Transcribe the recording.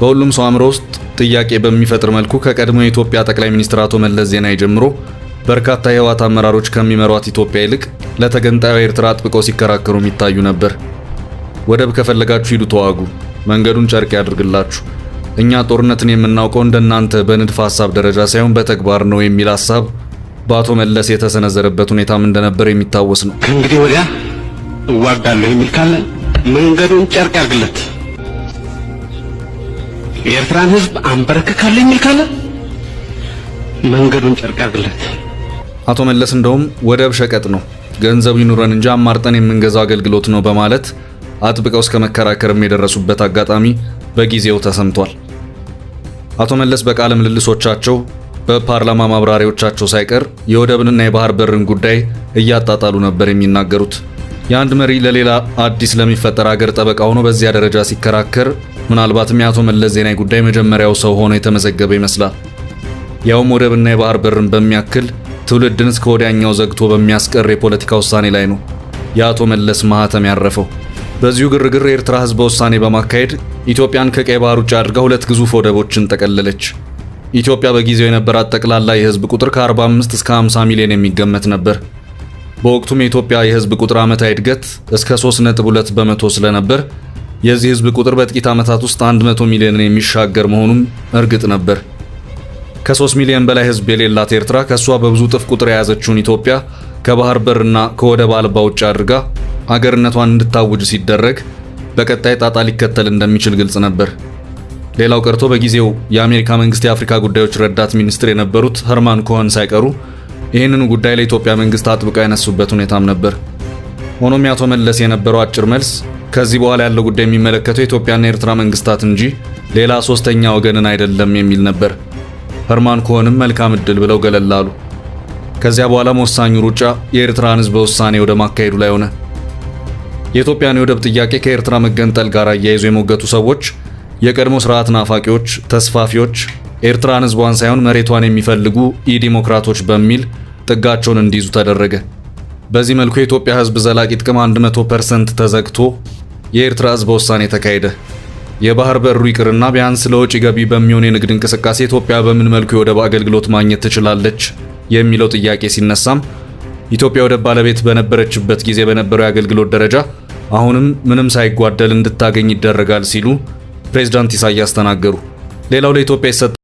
በሁሉም ሰው አእምሮ ውስጥ ጥያቄ በሚፈጥር መልኩ ከቀድሞ የኢትዮጵያ ጠቅላይ ሚኒስትር አቶ መለስ ዜናዊ ጀምሮ በርካታ የህወሓት አመራሮች ከሚመሯት ኢትዮጵያ ይልቅ ለተገንጣዩ ኤርትራ አጥብቀው ሲከራከሩ የሚታዩ ነበር። ወደብ ከፈለጋችሁ ሂዱ ተዋጉ፣ መንገዱን ጨርቅ ያድርግላችሁ፣ እኛ ጦርነትን የምናውቀው እንደናንተ በንድፈ ሐሳብ ደረጃ ሳይሆን በተግባር ነው የሚል ሐሳብ በአቶ መለስ የተሰነዘረበት ሁኔታም እንደነበር የሚታወስ ነው። ከእንግዲህ ወዲያ እዋጋለሁ የሚል ካለ መንገዱን ጨርቅ ያድርግለት የኤርትራን ህዝብ አንበረክካለ የሚል ካለ መንገዱን ጨርቅ አቶ መለስ እንደውም ወደብ ሸቀጥ ነው፣ ገንዘብ ይኑረን እንጂ አማርጠን የምንገዛው አገልግሎት ነው በማለት አጥብቀው እስከ መከራከርም የደረሱበት አጋጣሚ በጊዜው ተሰምቷል። አቶ መለስ በቃለ ምልልሶቻቸው በፓርላማ ማብራሪያዎቻቸው ሳይቀር የወደብንና የባህር በርን ጉዳይ እያጣጣሉ ነበር የሚናገሩት። የአንድ መሪ ለሌላ አዲስ ለሚፈጠር አገር ጠበቃ ሆኖ በዚያ ደረጃ ሲከራከር ምናልባትም የአቶ መለስ ዜናዊ ጉዳይ መጀመሪያው ሰው ሆኖ የተመዘገበ ይመስላል። ያውም ወደብና የባህር በርን በሚያክል ትውልድን እስከ ወዲያኛው ዘግቶ በሚያስቀር የፖለቲካ ውሳኔ ላይ ነው የአቶ መለስ ማህተም ያረፈው። በዚሁ ግርግር የኤርትራ ህዝበ ውሳኔ በማካሄድ ኢትዮጵያን ከቀይ ባህር ውጭ አድርጋ ሁለት ግዙፍ ወደቦችን ጠቀለለች። ኢትዮጵያ በጊዜው የነበራት ጠቅላላ የህዝብ ቁጥር ከ45 እስከ 50 ሚሊዮን የሚገመት ነበር። በወቅቱም የኢትዮጵያ የህዝብ ቁጥር ዓመታዊ እድገት እስከ 3.2 በመቶ ስለነበር የዚህ ህዝብ ቁጥር በጥቂት ዓመታት ውስጥ 100 ሚሊዮንን የሚሻገር መሆኑም እርግጥ ነበር። ከ3 ሚሊዮን በላይ ህዝብ የሌላት ኤርትራ ከእሷ በብዙ ጥፍ ቁጥር የያዘችውን ኢትዮጵያ ከባህር በርና ከወደብ አልባ ውጭ አድርጋ አገርነቷን እንድታውጅ ሲደረግ በቀጣይ ጣጣ ሊከተል እንደሚችል ግልጽ ነበር። ሌላው ቀርቶ በጊዜው የአሜሪካ መንግስት የአፍሪካ ጉዳዮች ረዳት ሚኒስትር የነበሩት ኸርማን ኮሆን ሳይቀሩ ይህንን ጉዳይ ለኢትዮጵያ መንግስት አጥብቀው ያነሱበት ሁኔታም ነበር። ሆኖም ያቶ መለስ የነበረው አጭር መልስ ከዚህ በኋላ ያለው ጉዳይ የሚመለከተው ኢትዮጵያና ኤርትራ መንግስታት እንጂ ሌላ ሶስተኛ ወገንን አይደለም የሚል ነበር። ፈርማን ኮኸንም መልካም እድል ብለው ገለል አሉ። ከዚያ በኋላ ወሳኙ ሩጫ የኤርትራን ህዝብ ውሳኔ ወደ ማካሄዱ ላይ ሆነ። የኢትዮጵያን የወደብ ጥያቄ ከኤርትራ መገንጠል ጋር አያይዞ የሞገቱ ሰዎች የቀድሞ ስርዓት ናፋቂዎች፣ ተስፋፊዎች፣ ኤርትራን ህዝቧን ሳይሆን መሬቷን የሚፈልጉ ኢዲሞክራቶች በሚል ጥጋቸውን እንዲይዙ ተደረገ። በዚህ መልኩ የኢትዮጵያ ህዝብ ዘላቂ ጥቅም 100% ተዘግቶ የኤርትራ ህዝብ ውሳኔ ተካሄደ። የባህር በሩ ይቅርና ቢያንስ ለውጭ ገቢ በሚሆን የንግድ እንቅስቃሴ ኢትዮጵያ በምን መልኩ የወደብ አገልግሎት ማግኘት ትችላለች የሚለው ጥያቄ ሲነሳም ኢትዮጵያ ወደብ ባለቤት በነበረችበት ጊዜ በነበረው የአገልግሎት ደረጃ አሁንም ምንም ሳይጓደል እንድታገኝ ይደረጋል ሲሉ ፕሬዝዳንት ኢሳያስ ተናገሩ። ሌላው ለኢትዮጵያ